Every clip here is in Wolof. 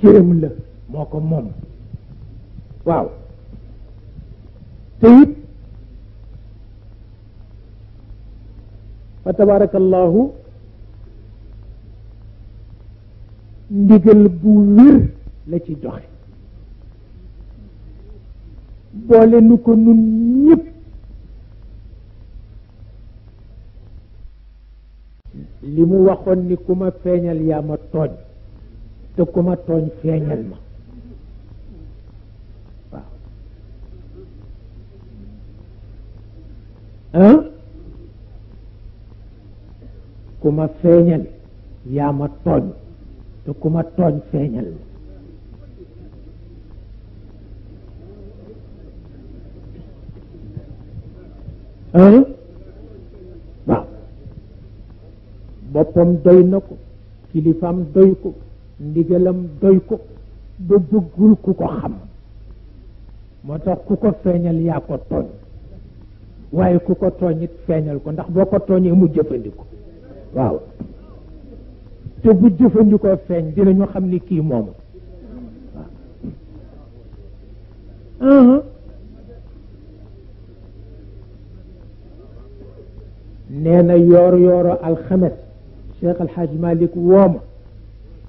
cëram la moo ko moom waaw te fa tabarakallahu ndigal bu wér la ci joxe boole nu ko nun ñëpp li mu waxoon ni ku ma feeñal yaa ma tooñ te ku ma tooñ feeñal ma waaw ku ma yaa ma tooñ te ku ma tooñ feeñal ma waaw boppam doy na ko kilifaam doy ndigalam doy ko ba bëggul ku ko xam moo tax ku ko feeñal yaa ko tooñ waaye ku ko tooñ feeñal ko ndax boo ko tooñee mu jëfandikoo waaw te bu jëfandikoo feeñ dinañu xam ni kii moom waaw uh-huh. nee na yoor yooru alxames Alxaaj Malik wooma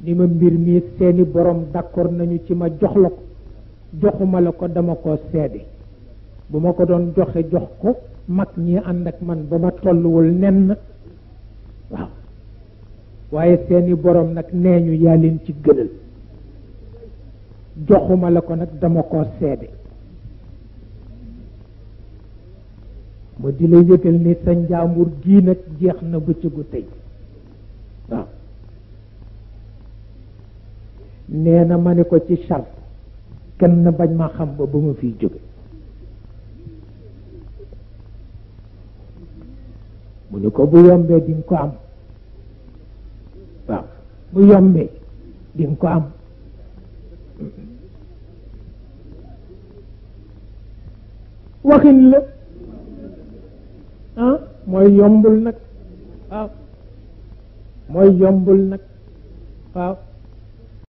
ni ma mbir mii seeni boroom d'accord nañu ci ma jox la ko joxuma la ko dama ko seede bu ma ko doon joxe jox ko mag ñi ànd ak man ba ma tolluwul nen waaw waaye seeni boroom nag nee ñu yaa leen ci gënal joxuma la ko nag dama ko seede ma di la yëgal ni sa njaambur gii nag jeex na bëccëgu tey nee na ma ni ko ci sart kenn bañ ma xam ba ba ma fiy jóge mu ni ko bu yombee dinga ko am waaw bu yombee dinga ko am waxin la ah mooy yombul nag waaw mooy yombul nag waaw